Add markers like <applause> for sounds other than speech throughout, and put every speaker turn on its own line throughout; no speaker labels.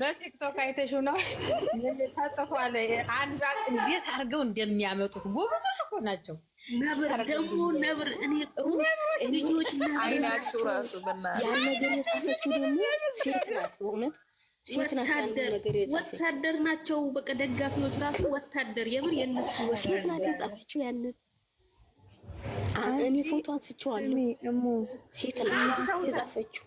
በቲክቶክ አይተሽው ነው ተጽፏል። አንዷ እንዴት አድርገው እንደሚያመጡት ጎበዞች እኮ ናቸው። ነብር ደግሞ ነብር ልጆች አይናችሁ ራሱ ያን ነገር የጻፈችው ደግሞ ሴት ናት። በእውነት ወታደር ናቸው። በቃ ደጋፊዎች ራሱ ወታደር የምር የነሱ ሴት ናት የጻፈችው ያንን እኔ ፎቶ አንስቼዋለሁ። ሴት የጻፈችው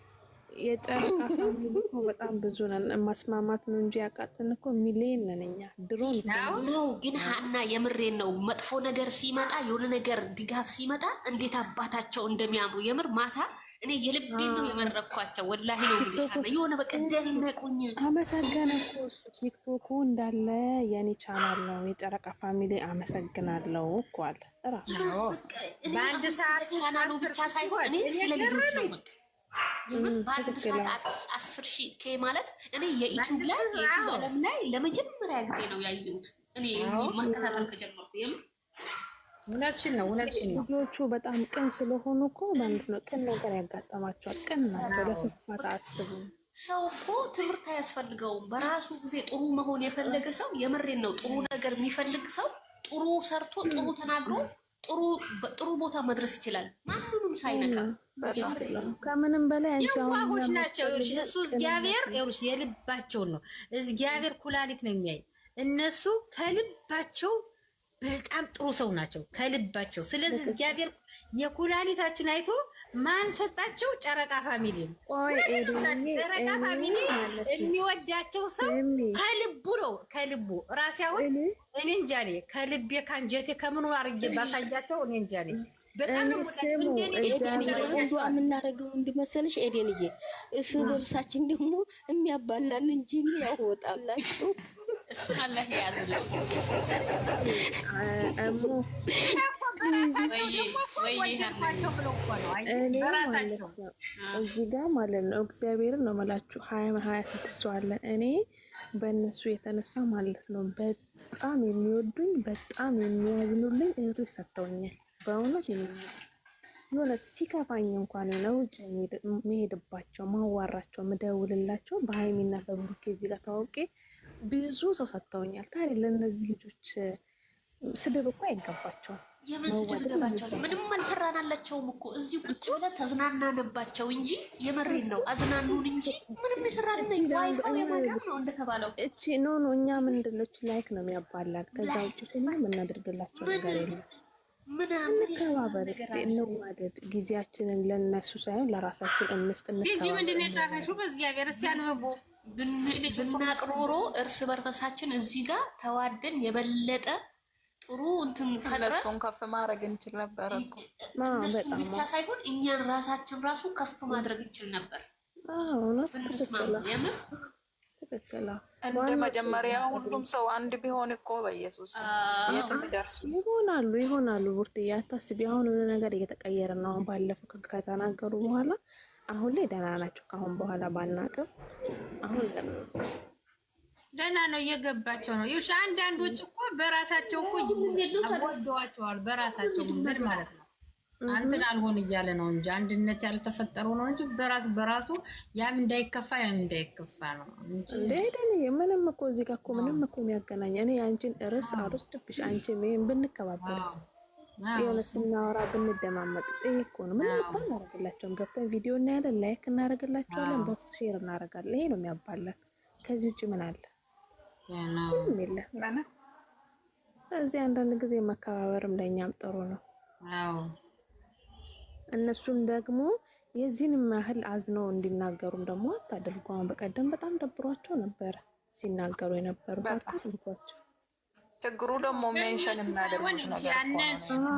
የጨረቃ ፋሚሊ እኮ በጣም ብዙ ነን። ማስማማት ነው እንጂ ያቃጥን እኮ ሚሊየን ነን እኛ። ድሮ ነው ግን ሀና የምሬን ነው። መጥፎ ነገር ሲመጣ የሆነ ነገር ድጋፍ ሲመጣ እንዴት አባታቸው እንደሚያምሩ የምር ማታ እኔ የልቤ ነው የመረኳቸው። ወላሂ ነው ብልሻለ የሆነ በቃ እንደነቁኝ። አመሰገነ እኮ እሱ ቲክቶኩ እንዳለ የኔ ቻናል ነው የጨረቃ ፋሚሊ አመሰግናለው እኮ አለ በአንድ ሰዓት ቻናሉ ብቻ ሳይሆን እኔ ስለ ልጆች ነው በቃ በአንድ ሰዓት አስር ሺ ኬ ማለት እኔ የኢትዩብ ላይ የኢትዩብ አለም ላይ ለመጀመሪያ ጊዜ ነው ያየሁት እኔ እዚህ ማከታተል ከጀመርኩ የምር እውነትሽን ነው። እውነትሽን ነው። ልጆቹ በጣም ቅን ስለሆኑ እኮ ማለት ነው ቅን ነገር ያጋጠማቸዋል። ቅን ናቸው። ለስፋት አስቡ። ሰው እኮ ትምህርት አያስፈልገውም። በራሱ ጊዜ ጥሩ መሆን የፈለገ ሰው የምሬን ነው። ጥሩ ነገር የሚፈልግ ሰው ጥሩ ሰርቶ ጥሩ ተናግሮ ጥሩ ቦታ መድረስ ይችላል። ማንንም ሳይነካ ከምንም በላይ ዋሆች ናቸው። እሱ እግዚአብሔር የልባቸውን ነው። እግዚአብሔር ኩላሊት ነው የሚያይ እነሱ ከልባቸው በጣም ጥሩ ሰው ናቸው ከልባቸው። ስለዚህ እግዚአብሔር የኩላሊታችን አይቶ ማን ሰጣቸው? ጨረቃ ፋሚሊ ጨረቃ ፋሚሊ የሚወዳቸው ሰው ከልቡ ነው፣ ከልቡ ራሴ። አሁን እኔ እንጃ እኔ ከልቤ ከአንጀቴ ከምኑ አርጌ ባሳያቸው እኔ እንጃ እኔ በጣም የምናደርገው እንድመሰልሽ ኤደንዬ፣ እሱ በእርሳችን ደግሞ የሚያባላን እንጂ ያወጣላቸው እሱን አላህ የያዝለው። እዚህ ጋር ማለት ነው እግዚአብሔርን ነው መላችሁ ሀያ ስድስት አለ። እኔ በእነሱ የተነሳ ማለት ነው በጣም የሚወዱኝ በጣም የሚያዝኑልኝ እህቶች ሰጥተውኛል። በእውነት የሚወድ የሆነ ሲከፋኝ እንኳን ነው ውጭ መሄድባቸው ማዋራቸው ምደውልላቸው በሀይሚና በብሩኬ እዚህ ጋር ታውቄ ብዙ ሰው ሰጥተውኛል። ታዲያ ለእነዚህ ልጆች ስድብ እኮ አይገባቸውም። የምን ስድብ ገባቸው? ምንም አልሰራናላቸውም እኮ እዚህ ቁጭ ብለን ተዝናናንባቸው እንጂ የመሬን ነው አዝናኑን እንጂ ምንም የሰራልን የማዳም ነው እንደተባለው። እቺ ኖ ኖ እኛ ምንድን ነው ላይክ ነው የሚያባላል። ከዛ ውጭ ምንም የምናደርግላቸው ነገር የለም። ምናምንከባበር እንከባበር፣ እንዋደድ። ጊዜያችንን ለነሱ ሳይሆን ለራሳችን እንስጥ። እንዚህ ምንድን የጻፈሹ የጻፈሽው? በእግዚአብሔር እስኪ አንብቦ ብናቅ እርስ በርሳችን እዚህ ጋር ተዋደን የበለጠ ጥሩ እንትን ፈጥረን ከፍ ማድረግ እንችል ነበር። እነሱን ብቻ ሳይሆን እኛን ራሳችን ራሱ ከፍ ማድረግ እንችል ነበር። የምር እንደ መጀመሪያ ሁሉም ሰው አንድ ቢሆን እኮ በኢየሱስ ደርሱ ይሆናሉ ይሆናሉ። ቡርትዬ አታስቢ። አሁን ነገር እየተቀየረ ነው። ባለፈው ከተናገሩ በኋላ አሁን ላይ ደህና ናቸው። ከአሁን በኋላ ባናቅም አሁን ደህና ነው፣ እየገባቸው ነው። ይኸውልሽ አንዳንዶች እኮ በራሳቸው እኮ ወደዋቸዋል። በራሳቸው ጉመድ ማለት ነው። አንትን አልሆን እያለ ነው እንጂ አንድነት ያልተፈጠሩ ነው እንጂ በራስ በራሱ ያም እንዳይከፋ ያም እንዳይከፋ ነው እንጂ ምንም እኮ እዚህ ጋር እኮ ምንም እኮ የሚያገናኝ እኔ አንቺን ርስ አልወስድብሽ አንቺ ምን ብንከባበርስ የሆነ ስናወራ ብንደማመጥስ? ይሄ እኮ ነው። ምን ባ እናደርግላቸውም ገብተን ቪዲዮ እናያለን፣ ላይክ እናደርግላቸዋለን፣ በውስጥ ሼር እናደርጋለን። ይሄ ነው የሚያባለን። ከዚህ ውጭ ምን አለ? ምንም የለም። እዚህ አንዳንድ ጊዜ መከባበርም ለእኛም ጥሩ ነው። እነሱም ደግሞ የዚህንም ያህል አዝነው እንዲናገሩም ደግሞ አታድርጓን። በቀደም በጣም ደብሯቸው ነበረ ሲናገሩ የነበሩት አታድርጓቸው። ችግሩ ደግሞ ሜንሽን የሚያደርጉት ነገር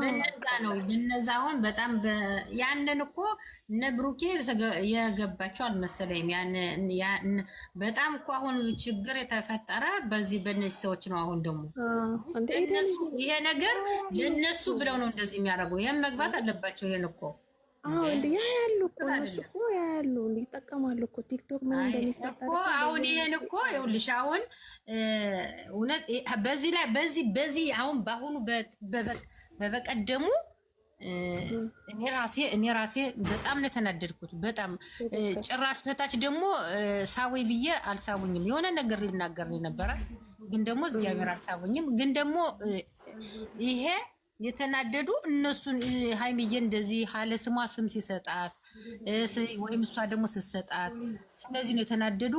በነዛ ነው። በጣም ያንን እኮ እነ ብሩኬ የገባቸው አልመሰለኝም። በጣም እኮ አሁን ችግር የተፈጠረ በዚህ በነዚህ ሰዎች ነው። አሁን ደግሞ ይሄ ነገር ለነሱ ብለው ነው እንደዚህ የሚያደርጉ። ይህም መግባት አለባቸው። ይሄን እኮ አዎ እንዴ ያ ያሉ እኮ እነሱ እኮ ያ ያሉ ይጠቀማሉ እኮ ቲክቶክ ምን እንደሚፈጠር እኮ አሁን ይሄን እኮ ይኸውልሽ፣ አሁን እውነት በዚህ ላይ በዚህ በዚህ አሁን በአሁኑ በበቀደሙ እኔ ራሴ እኔ ራሴ በጣም ነው የተናደድኩት። በጣም ጭራሽ ተታች ደግሞ ሳዌ ብዬ አልሳቡኝም። የሆነ ነገር ልናገር ነበረ፣ ግን ደግሞ እግዚአብሔር አልሳቡኝም። ግን ደግሞ ይሄ የተናደዱ እነሱን ሀይሚዬ እንደዚህ ሀለ ስሟ ስም ሲሰጣት ወይም እሷ ደግሞ ስትሰጣት ስለዚህ ነው የተናደዱ።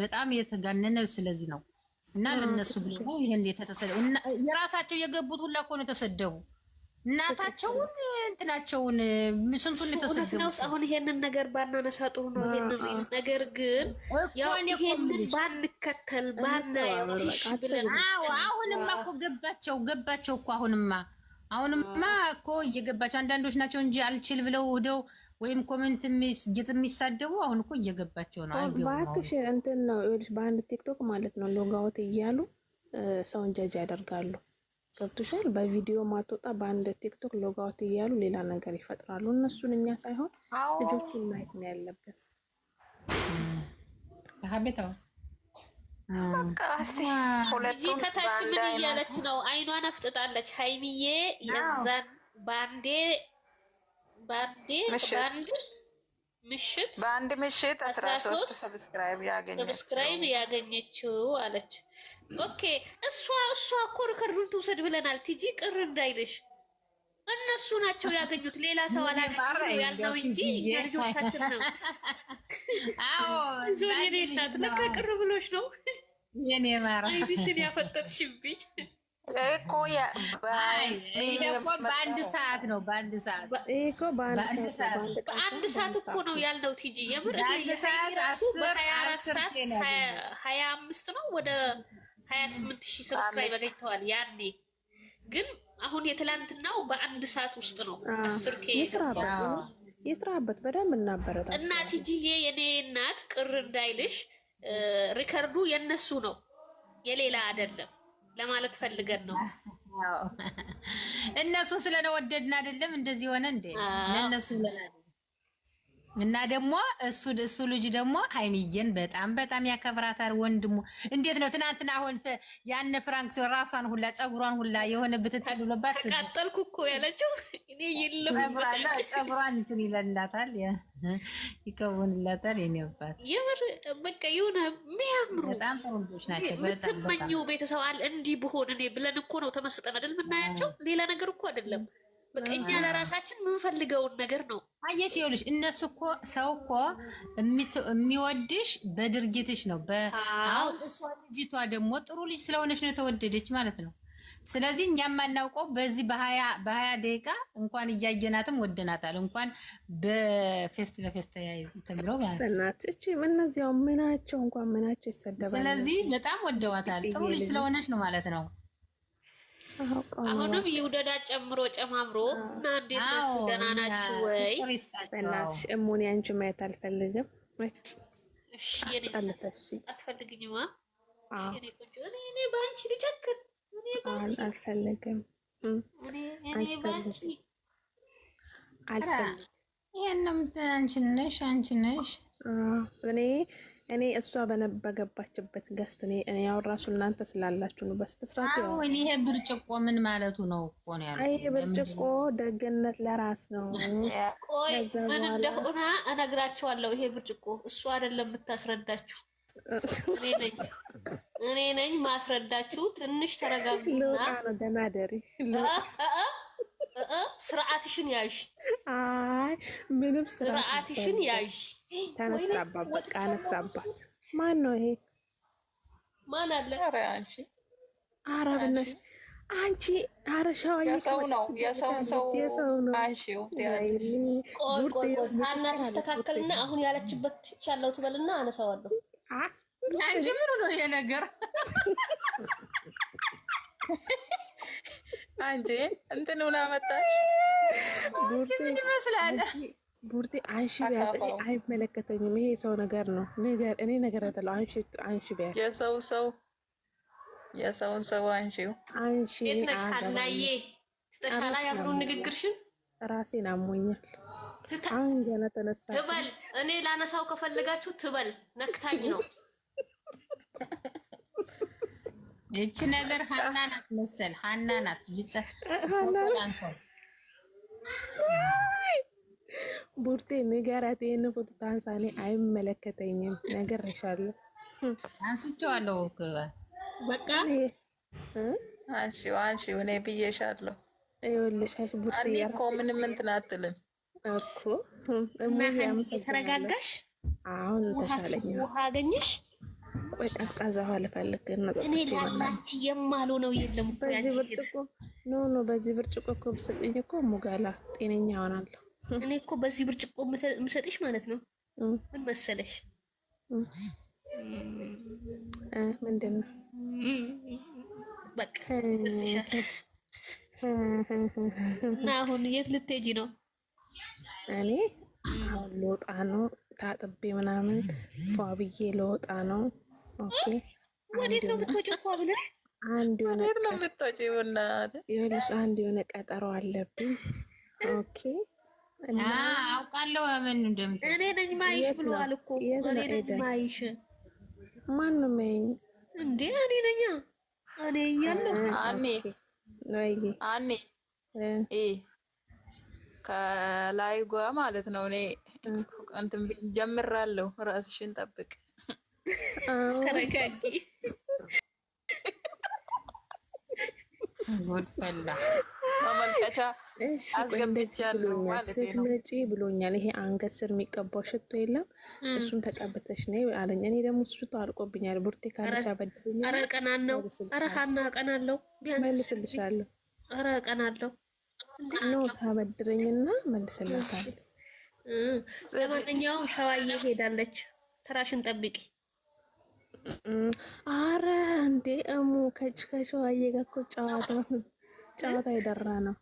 በጣም የተጋነነ ስለዚህ ነው እና ለነሱ ብለው ይህን የራሳቸው የገቡት ሁላ እኮ ነው የተሰደቡ እናታቸውን እንትናቸውን ስንቱን ተሰግነው አሁን ይሄንን ነገር ባናነሳ ጥሩ ነው። ይሄንን ነገር ግን ይሄንን ባንከተል ባናየው ትሽ ብለን አሁንማ እኮ ገባቸው ገባቸው እኮ አሁንማ አሁንማ እኮ እየገባቸው አንዳንዶች ናቸው እንጂ አልችል ብለው ወደው ወይም ኮሜንት ጌጥ የሚሳደቡ አሁን እኮ እየገባቸው ነው። እባክሽ እንትን ነው በአንድ ቲክቶክ ማለት ነው ሎጋውት እያሉ ሰውን ጀጅ ያደርጋሉ። ገብቶሻል። በቪዲዮ ማትወጣ በአንድ ቲክቶክ ሎጋውት እያሉ ሌላ ነገር ይፈጥራሉ። እነሱን እኛ ሳይሆን ልጆቹን ማየት ነው ያለብን። ከታች ምን እያለች ነው? አይኗን አፍጥጣለች ሀይሚዬ የዛን ባንዴ ባንዴ ባንድ ምሽት በአንድ ምሽት አስራ ሶስት ሰብስክራይብ ያገኘችው አለች። ኦኬ እሷ እሷ እኮ ሪከርዱን ትውሰድ ብለናል። ቲጂ ቅር እንዳይልሽ እነሱ ናቸው ያገኙት፣ ሌላ ሰው አላገኘም ያልነው እንጂ እኛ ልጆቻችን ነው። <laughs> ዞን የኔ እናት ለካ ቅር ብሎች ነው የኔ ማራ አይንሽን ያፈጠጥሽብኝ። እኮ በአንድ ሰዓት ነው። በአንድ ሰዓት በአንድ ሰዓት እኮ ነው ያልነው። ቲጂ የምር ራሱ በሀያ አራት ሰዓት ሀያ አምስት ነው ወደ ሀያ ስምንት ሺህ ሰብስክራይብ አገኝተዋል። ያኔ ግን አሁን የትላንትናው በአንድ ሰዓት ውስጥ ነው አስር ኬ የስራበት በደንብ እና ቲጂዬ የኔ እናት ቅር እንዳይልሽ ሪከርዱ የነሱ ነው፣ የሌላ አይደለም። ለማለት ፈልገን ነው። እነሱን ስለነወደድን አይደለም እንደዚህ ሆነ እንዴ? ለእነሱ እና ደግሞ እሱ እሱ ልጅ ደግሞ ሀይሚዬን በጣም በጣም ያከብራታል። ወንድሙ እንዴት ነው ትናንትና አሁን ያን ፍራንክ ሲሆን ራሷን ሁላ ጸጉሯን ሁላ የሆነ ብትታልሎባት ተቃጠልኩ እኮ ያለችው እኔ ፀጉሯን እንትን ይለላታል፣ ይከውንላታል። የኔባት የምር በቃ የሆነ የሚያምሩ በጣም ተወንዶች ናቸው። ትመኘው ቤተሰብ አለ እንዲህ ብሆን እኔ ብለን እኮ ነው ተመስጠን አይደል ምናያቸው። ሌላ ነገር እኮ አይደለም። በቃ እኛ ለራሳችን የምንፈልገውን ነገር ነው። አየሽ ይኸውልሽ፣ እነሱ እኮ ሰው እኮ የሚወድሽ በድርጊትሽ ነው። አሁን እሷ ልጅቷ ደግሞ ጥሩ ልጅ ስለሆነች ነው የተወደደች ማለት ነው። ስለዚህ እኛ የማናውቀው በዚህ በሀያ ደቂቃ እንኳን እያየናትም ወደናታል። እንኳን በፌስት ለፌስት ተያይተምለው ማለትናች እነዚያው ምናቸው እንኳን ምናቸው ይሰደባል። ስለዚህ በጣም ወደዋታል። ጥሩ ልጅ ስለሆነች ነው ማለት ነው። አሁንም ይውደዳ ጨምሮ ጨማምሮ እና እንዴት ናችሁ? ደህና ናችሁ ወይ? በእናትሽ እሙን አንቺ ማየት አልፈልግም። አትፈልግኝማ? እኔ በአንቺ ልጨክር አልፈልግም። ይሄን ነው የምትል አንቺ ነሽ፣ አንቺ ነሽ እኔ እኔ እሷ በገባችበት ገስት እኔ እኔ ያው ራሱ እናንተ ስላላችሁ ነው። በስተስራት ያው እኔ ይሄ ብርጭቆ ምን ማለቱ ነው እኮ ነው ያለው። አይ ብርጭቆ ደግነት ለራስ ነው። ቆይ ምን እንደሆነ እነግራችኋለሁ። ይሄ ብርጭቆ እሱ አይደለም የምታስረዳችሁ፣ እኔ ነኝ እኔ ነኝ ማስረዳችሁ። ትንሽ ተረጋግጡና ደናደሪ ስርዓትሽን ያዥ። አይ ምንም ስርዓትሽን ያዥ። ተነሳባት፣ በቃ አነሳባት። ማን ነው ይሄ? ማን አለ? ኧረ ብነሽ አንቺ ኧረ ሸዋ የሰው ነው የሰው ሰው አንሺው አናስተካከልና አሁን ያለችበት ትቻለው ትበልና አነሳዋለሁ። አንቺ ምኑ ነው ይሄ ነገር? <laughs> አንቺ እንትን ምን አመጣሽ? ምን ይመስላል? ቡርቴ አንሺ ቢያት እኔ አይመለከተኝም። ይሄ ሰው ነገር ነው። ነገር እኔ ነገር አይደለሁ። አንሺ አንሺ ቢያት የሰው ሰው የሰውን ሰው አንሺው አንሺ ናዬ ተሻላ ያሉን ንግግርሽን ራሴን አሞኛል። አሁን ገና ተነሳ ትበል። እኔ ላነሳው ከፈለጋችሁ ትበል። ነክታኝ ነው <laughs> ይቺ ነገር ሀና ናት መሰል ሀና ናት። ቡርቴ ንገራት፣ ይህን ፎቶ ታንሳኔ አይመለከተኝም። ነገር ይሻለሁ አንስቼዋለሁ። በቃ አንሺው አንሺው፣ እኔ ብዬሻለሁ። ይኸውልሽ ቡርቴ እኮ ምንም እንትን አትልም እኮ ተረጋጋሽ። አሁን ተሻለኝ። ውሃ አገኘሽ ቆይ ቀዝቃዛ ውሃ ልፈልግ። እኔ ላላንቺ የማሉ ነው የለም። ኖ ኖ፣ በዚህ ብርጭቆ እኮ ብሰጥኝ እኮ ሙጋላ ጤነኛ ሆናለሁ። እኔ እኮ በዚህ ብርጭቆ ምሰጥሽ ማለት ነው። ምን መሰለሽ ምንድን ነው በቃ ይሻል። አሁን የት ልትሄጂ ነው? እኔ ልወጣ ነው። ታጥቤ ምናምን ፏ ብዬ ልወጣ ነው። አንድ የሆነ ቀጠሮ አለብኝ። ኦኬ አውቃለሁ። እኔ ነኝ ማይሽ ብለዋል እኮ እኔ ነኝ ማይሽ። ማን ነው እንዴ? እኔ ነኝ እኔ እያለሁ አኔ አኔ እ ከላይ ጓ ማለት ነው። እኔ እንትን ጀምራለሁ። ራስሽን ጠብቅ ተረጋጊ። ጉድፈላ መመልከቻ ብሎኛል። ይሄ አንገት ስር የሚቀባው ሽቶ የለም እሱን ተቀብተሽ ነይ አለኝ። እኔ ደግሞ ሽቶ አልቆብኛል። ቡርቴ ካለሽ አበድልኝ። ኧረ ታበድረኝና መልስላታለሁ። ለማንኛውም ሸዋዬ ሄዳለች። ተራሽን ጠብቂ አረ እንዴ እሙ ከሸዋዬ ጋር እኮ ጨዋታ ጨዋታ የደራ ነው።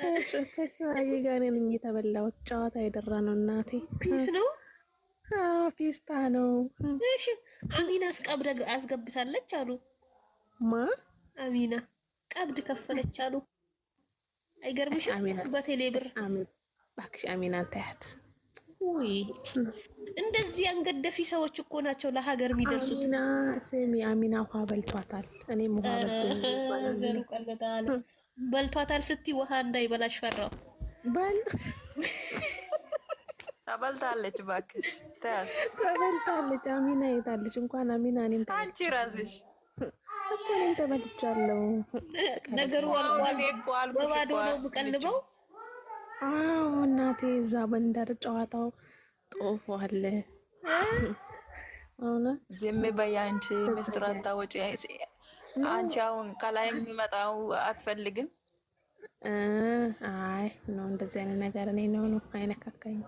ከሸዋዬ ጋር ነኝ የተበላሁት። ጨዋታ የደራ ነው። እናቴ ፒስ ነው ፒስታ ነው። እሺ አሚና ቀብድ አስገብታለች አሉ። ማ አሚና ቀብድ ከፈለች አሉ። አይገርምሽ? በቴሌ ብር ባክሽ አሚና ታያት እንደዚህ አንገደፊ ሰዎች እኮ ናቸው ለሀገር የሚደርሱት። አሚና ስሚ፣ አሚና ውሃ በልቷታል። እኔ በልቷታል። ስቲ ውሃ እንዳይበላሽ ፈራው። በል ተበልታለች፣ እባክሽ ተበልታለች። አሚና የታለች? እንኳን አሚና እኔም አንቺ ራስሽ እኮ እኔም ተበልቻለሁ። ነገሩ አልቋል። በባዶ ነው የምቀልበው አዎ እናቴ፣ እዛ መንደር ጨዋታው ጦፏል። እውነት ዝም በይ አንቺ ምስጢር አታወጪ። አንቺ አሁን ከላይ የሚመጣው አትፈልግም? አይ ነው እንደዚህ አይነት ነገር እኔ ነው ነው አይነካካኝ።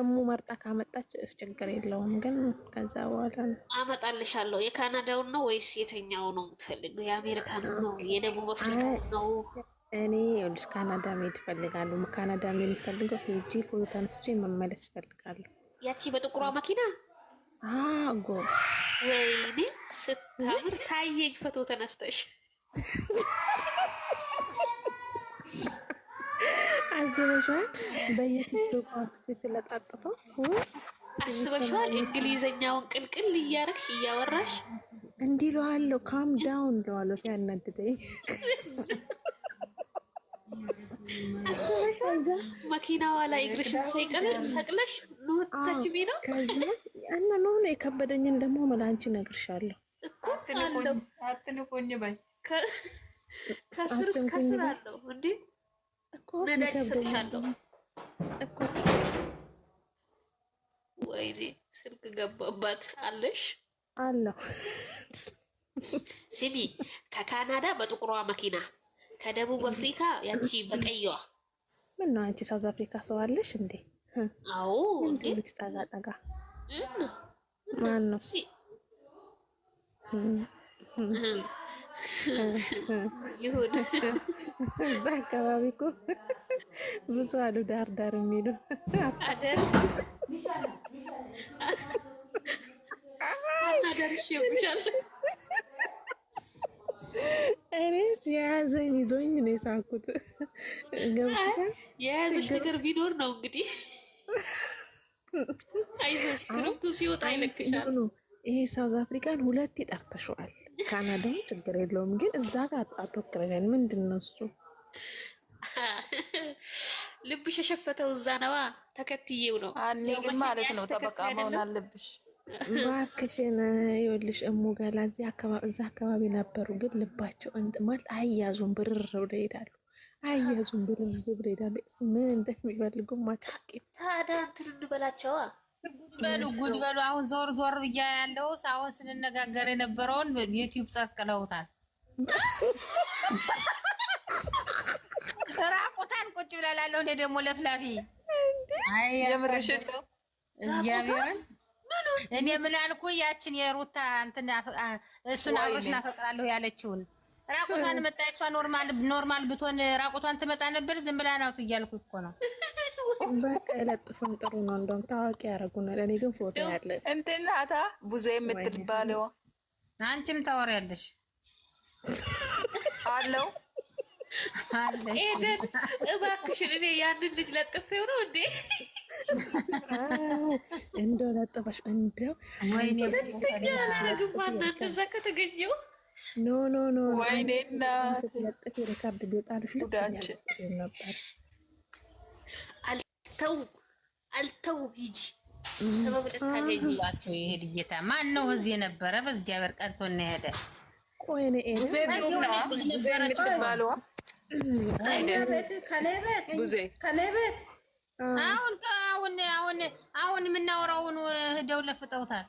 እሙ መርጣ ካመጣች ችግር የለውም፣ ግን ከዛ በኋላ ነው አመጣልሻለሁ። የካናዳውን ነው ወይስ የተኛው ነው የምትፈልገው? የአሜሪካን ነው የደቡብ አፍሪካ ነው እኔ ልጅ ካናዳ መሄድ እፈልጋለሁ። ካናዳ መሄድ የምፈልገው ሄጂ ፎቶ ተነስቼ መመለስ እፈልጋለሁ። ያቺ በጥቁሯ መኪና ጎስ፣ ወይኔ ስታምር ታየኝ ፎቶ ተነስተሽ። አስበሻል? በየቲክቶክ አውጥቼ ስለጣጥፈው አስበሻል? እንግሊዘኛውን ቅልቅል እያረግሽ እያወራሽ እንዲህ ካም ዳውን እለዋለሁ ሲያናድደኝ መኪናዋ ላይ እግርሽን ሳይቀር ሰቅለሽ ኖታች ነው እና የከበደኝን ደግሞ መላንቺ ነግርሻለሁ። በይ ከስር እስከ ስር አለው እንዲ ነዳጅ ወይኔ ስልክ ገባባት አለሽ አለው። ከካናዳ በጥቁሯ መኪና ከደቡብ አፍሪካ ያቺ በቀይዋ ምን ነው አንቺ ሳውዝ አፍሪካ ሰው አለሽ እንዴ? አዎ እንዴ ልጅ ጠጋ ጠጋ ማን ነው? ይሁን እዛ አካባቢ እኮ ብዙ አሉ ዳር ዳር የሚሉ አደርሽ ይሻል ሳኩት የያዘች ነገር ቢኖር ነው እንግዲህ። አይዞሽ ክረምቱ ሲወጣ አይለቅሻል። ይሄ ሳውዝ አፍሪካን ሁለት ይጠርተሸዋል። ካናዳውን ችግር የለውም ግን እዛ ጋር አትወክረኛል። ምንድን ነው እሱ? ልብሽ የሸፈተው እዛ ነዋ። ተከትዬው ነው ማለት ነው። ጠበቃ መሆን አለብሽ። እባክሽን ይኸውልሽ እሙገላ እዛ አካባቢ ነበሩ፣ ግን ልባቸው ማለት አያዙም፣ ብርር ብለው ይሄዳሉ። አያዙም፣ ብርር ብለው ይሄዳሉ። ምን እንደሚፈልጉ አታውቂም። ታዲያ እንትን እንበላቸዋ። በሉ ጉድ በሉ። አሁን ዞር ዞር ብያ ያለው አሁን ስንነጋገር የነበረውን ዩቲዩብ ጸቅለውታል፣ ራቁታን ቁጭ ብላላለሁ። እኔ ደግሞ ለፍላፊ እግዚአብሔርን እኔ ምን አልኩ? ያችን የሩታ እንትን እሱን አብሮሽ እናፈቅራለሁ ያለችውን ራቁቷን መጣ። እሷ ኖርማል ኖርማል ብትሆን ራቁቷን ትመጣ ነበር። ዝም ብላ ናቱ እያልኩ እኮ ነው። በቃ የለጥፉን ጥሩ ነው፣ እንደውም ታዋቂ ያደርጉናል። እኔ ግን ፎቶ ያለ እንትን ናታ ብዙ የምትባለው አንቺም ታወሪያለሽ አለው አለ። እባክሽን እኔ ያንን ልጅ ለጥፌው ነው እንዴ <laughs> እንደው ላጠፋሽ እንደው እዛ ከተገኘው ኖ ኖ ኖ ወይኔ ሪካርድ ቢወጣልሽ ነበር። አልተው አልተው ሂጂ ሰበብ ልታገኝላቸው የሄድ ማን ነው እዚህ የነበረ በእግዚአብሔር ቀርቶ እና ሄደ። ቆይ ቤት ከላይ ቤት አሁን አሁን አሁን አሁን የምናወራውን ሄደው ለፍጠውታል።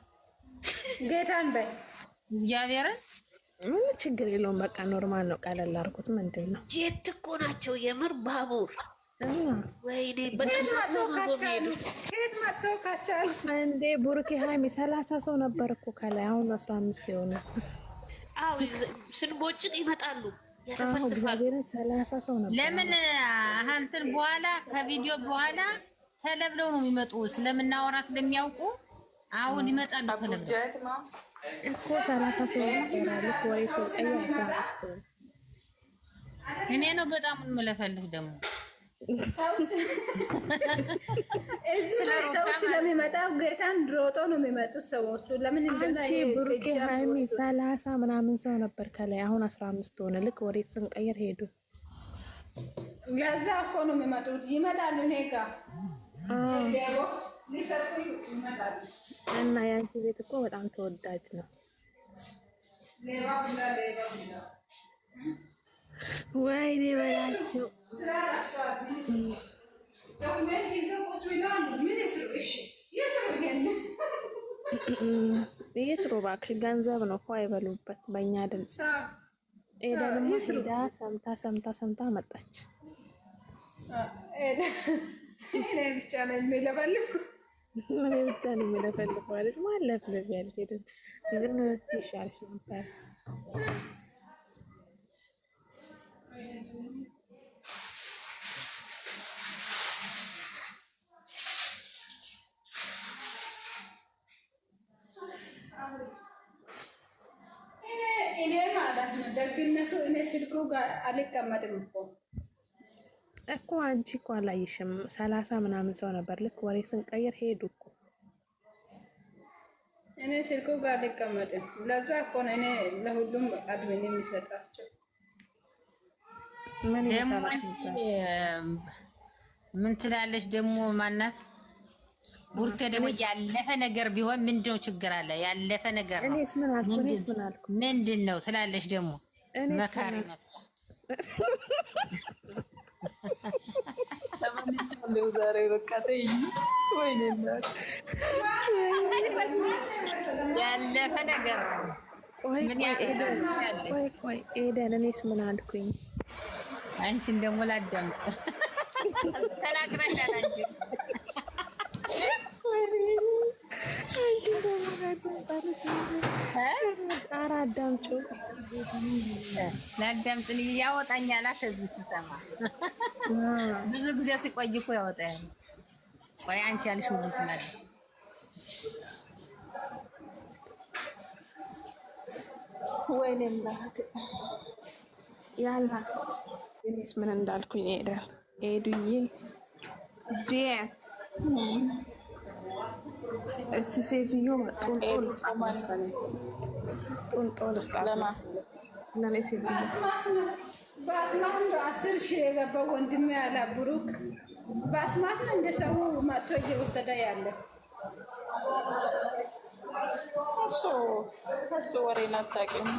ጌታን በይ እግዚአብሔርን ምን ችግር የለውም። በቃ ኖርማል ነው። ቀለል አድርጎት ምንድን ነው ጄት እኮ ናቸው። የምር ባቡር ወይኔ መጥተውካቻል እንዴ ቡርኬ ሀይሚ ሰላሳ ሰው ነበር እኮ ከላይ አሁን አስራ አምስት የሆነ ስንቦጭቅ ይመጣሉ ለምን እንትን በኋላ ከቪዲዮ በኋላ ተለብለው ነው የሚመጡ ስለምናወራ ስለሚያውቁ አሁን ይመጣሉ ተለብለው እኔ ነው በጣም የምለፈልግ ደግሞ <laughs> እዚህ ሰው ስለሚመጣ ጌታን ድሮጦ ነው የሚመጡት ሰዎቹ። ለምን አንቺ ብሩኬ፣ ሀይሚ ሰላሳ ምናምን ሰው ነበር ከላይ፣ አሁን አስራ አምስት ሆነ። ልክ ወሬ ስንቀየር ሄዱ። ገዛ እኮ ነው የሚመጡት ይመጣሉ። እኔ ጋ እና የአንቺ ቤት እኮ በጣም ተወዳጅ ነው። ወይኔ በላቸው። ይስሩ እባክሽ፣ ገንዘብ ነው። ፏ ይበሉበት በእኛ ድምፅ። ኤዳ ደግሞ ሄዳ ሰምታ ሰምታ ሰምታ መጣች። ብቻ ብቻ ነው የሚለፈልጉ አለች። ማለፍለፍ ያለች ይሻልሽ ደግነቱ እኔ ስልኩ ጋር አልቀመጥም እኮ እኮ አንቺ እኮ አላየሽም። ሰላሳ ምናምን ሰው ነበር። ልክ ወሬ ስንቀይር ሄዱ እኮ። እኔ ስልኩ ጋር አልቀመጥም። ለዛ እኮ ነው እኔ ለሁሉም አድሚን የሚሰጣቸው። ምን ምን ትላለች ደግሞ ማናት ቡርቴ ደግሞ ያለፈ ነገር ቢሆን ምንድነው ችግር አለ? ያለፈ ነገር ነው ምንድን ነው ትላለች ደግሞ ዛሬ በቃ ያለፈ ነገር ኤደን፣ እኔስ ምን አልኩኝ? አንቺን ደግሞ ላዳምጥ ተናግረሻል። ኧረ አዳምጪ ላዳምጪ ያወጣኛል። ከዚህ ስሰማ ብዙ ጊዜ ሲቆይ እኮ ያወጣኛል። ቆይ አንቺ ያልሽው ስላለ ወይኔ እናቴ ያላ እኔስ ምን እንዳልኩኝ ይሄዳል። ኤዱዬ ጂያት እቺ ሴትዮ መጥቶ ጡንጦ ልስጣት ለእኔ ሲል በአስማት ነው አስር ሺህ የገባው ወንድሜ ያለ ብሩክ በአስማት ነው እንደ ሰው መጥቶ እየወሰደ ያለ እሱ ወሬን አታውቂም